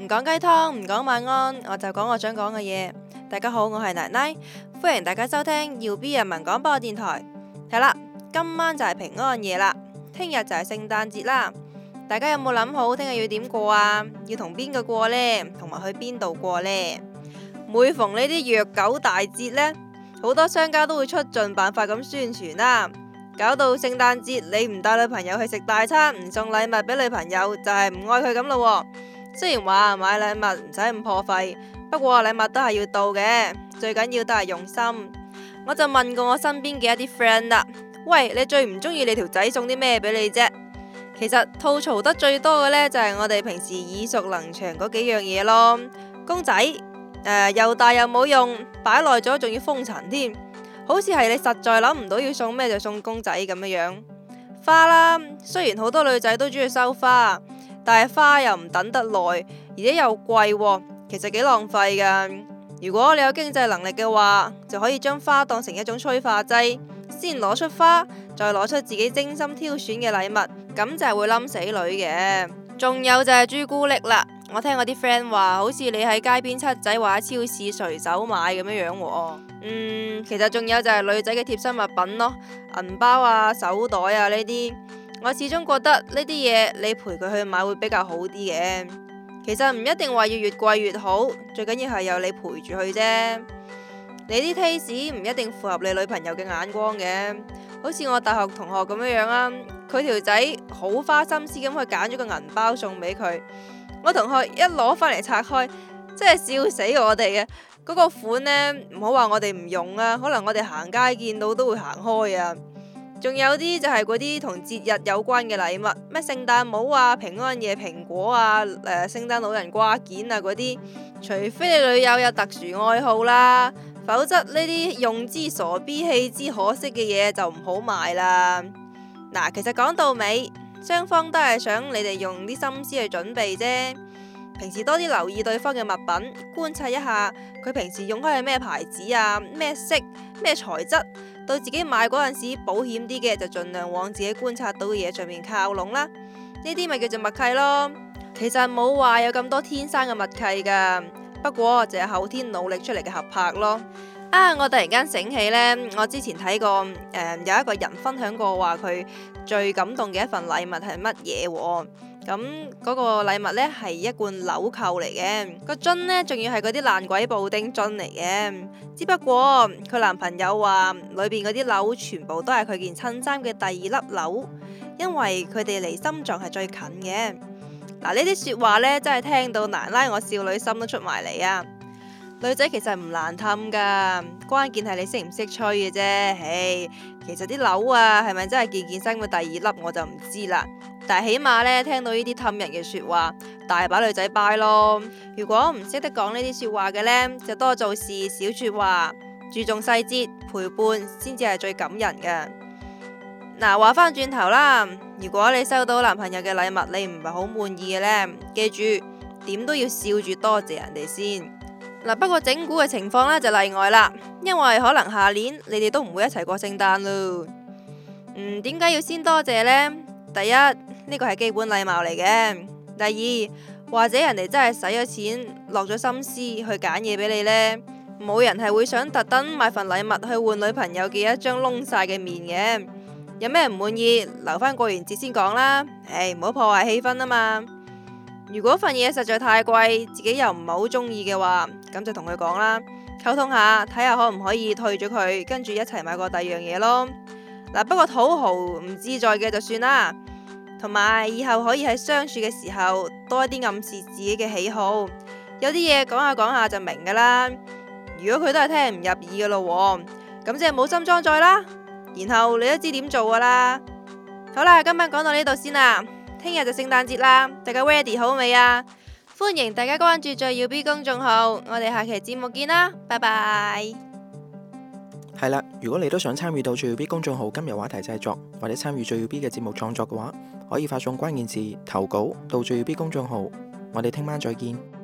唔講雞湯，唔講晚安，我就講我想講嘅嘢。大家好，我係奶奶，歡迎大家收聽耀 B 人民廣播電台。係啦，今晚就係平安夜啦，聽日就係聖誕節啦。大家有冇諗好聽日要點過啊？要同邊個過呢？同埋去邊度過呢？每逢呢啲虐狗大節呢，好多商家都會出盡辦法咁宣傳啦，搞到聖誕節你唔帶女朋友去食大餐，唔送禮物俾女朋友就係唔愛佢咁咯。雖然話買禮物唔使咁破費，不過禮物都係要到嘅，最緊要都係用心。我就問過我身邊嘅一啲 friend 啦，喂，你最唔中意你條仔送啲咩俾你啫？其實吐槽得最多嘅呢，就係我哋平時耳熟能詳嗰幾樣嘢咯，公仔，呃，又大又冇用，擺耐咗仲要封塵添，好似係你實在諗唔到要送咩就送公仔咁樣樣，花啦，雖然好多女仔都中意收花。但係花又唔等得耐，而且又貴，其實幾浪費噶。如果你有經濟能力嘅話，就可以將花當成一種催化劑，先攞出花，再攞出自己精心挑選嘅禮物，咁就係會冧死女嘅。仲有就係朱古力啦，我聽我啲 friend 話，好似你喺街邊七仔或者超市隨手買咁樣樣喎。嗯，其實仲有就係女仔嘅貼身物品咯，銀包啊、手袋啊呢啲。我始終覺得呢啲嘢你陪佢去買會比較好啲嘅，其實唔一定話要越,越貴越好，最緊要係有你陪住去啫。你啲 taste 唔一定符合你女朋友嘅眼光嘅，好似我大學同學咁樣樣啦，佢條仔好花心思咁去揀咗個銀包送俾佢，我同學一攞翻嚟拆開，真係笑死我哋嘅，嗰、嗰個款呢，唔好話我哋唔用啊，可能我哋行街見到都會行開啊。仲有啲就係嗰啲同節日有關嘅禮物，咩聖誕帽啊、平安夜蘋果啊、誒聖誕老人掛件啊嗰啲，除非你女友有特殊愛好啦、啊，否則呢啲用之傻逼棄之可惜嘅嘢就唔好買啦。嗱，其實講到尾，雙方都係想你哋用啲心思去準備啫。平時多啲留意對方嘅物品，觀察一下佢平時用開係咩牌子啊，咩色咩材質，到自己買嗰陣時保險啲嘅就盡量往自己觀察到嘅嘢上面靠攏啦。呢啲咪叫做默契咯。其實冇話有咁多天生嘅默契噶，不過就係後天努力出嚟嘅合拍咯。啊，我突然間醒起呢，我之前睇過誒、呃，有一個人分享過話佢最感動嘅一份禮物係乜嘢喎？咁嗰個禮物呢，係一罐紐扣嚟嘅。個樽呢，仲要係嗰啲爛鬼布丁樽嚟嘅。只不過佢男朋友話裏邊嗰啲紐全部都係佢件襯衫嘅第二粒紐，因為佢哋離心臟係最近嘅。嗱，呢啲説話呢，真係聽到奶奶我少女心都出埋嚟啊！女仔其實唔難氹噶，關鍵係你識唔識吹嘅啫。唉，其實啲紐啊係咪真係件件衫嘅第二粒我就唔知啦。但係起碼咧，聽到呢啲氹人嘅說話，大把女仔拜咯。如果唔識得講呢啲說話嘅呢，就多做事，少說話，注重細節，陪伴先至係最感人嘅。嗱、啊，話翻轉頭啦，如果你收到男朋友嘅禮物，你唔係好滿意嘅呢，記住點都要笑住多謝人哋先。嗱、啊，不過整蠱嘅情況呢就例外啦，因為可能下年你哋都唔會一齊過聖誕咯。嗯，點解要先多謝呢？第一。呢個係基本禮貌嚟嘅。第二，或者人哋真係使咗錢落咗心思去揀嘢俾你呢？冇人係會想特登買份禮物去換女朋友嘅一張窿晒嘅面嘅。有咩唔滿意，留翻過完節先講啦。誒、欸，唔好破壞氣氛啊嘛。如果份嘢實在太貴，自己又唔係好中意嘅話，咁就同佢講啦，溝通下睇下可唔可以退咗佢，跟住一齊買個第二樣嘢咯。嗱，不過土豪唔自在嘅就算啦。同埋以後可以喺相處嘅時候多一啲暗示自己嘅喜好，有啲嘢講下講下就明噶啦。如果佢都係聽唔入耳噶咯，咁即係冇心裝載啦。然後你都知點做噶啦。好啦，今晚講到呢度先啦，聽日就聖誕節啦，大家 ready 好未啊？歡迎大家關注最耀 B 公眾號，我哋下期節目見啦，拜拜。係啦，如果你都想參與到最耀 B 公眾號今日話題製作，或者參與最耀 B 嘅節目創作嘅話，可以發送關鍵字投稿到最耀 B 公眾號。我哋聽晚再見。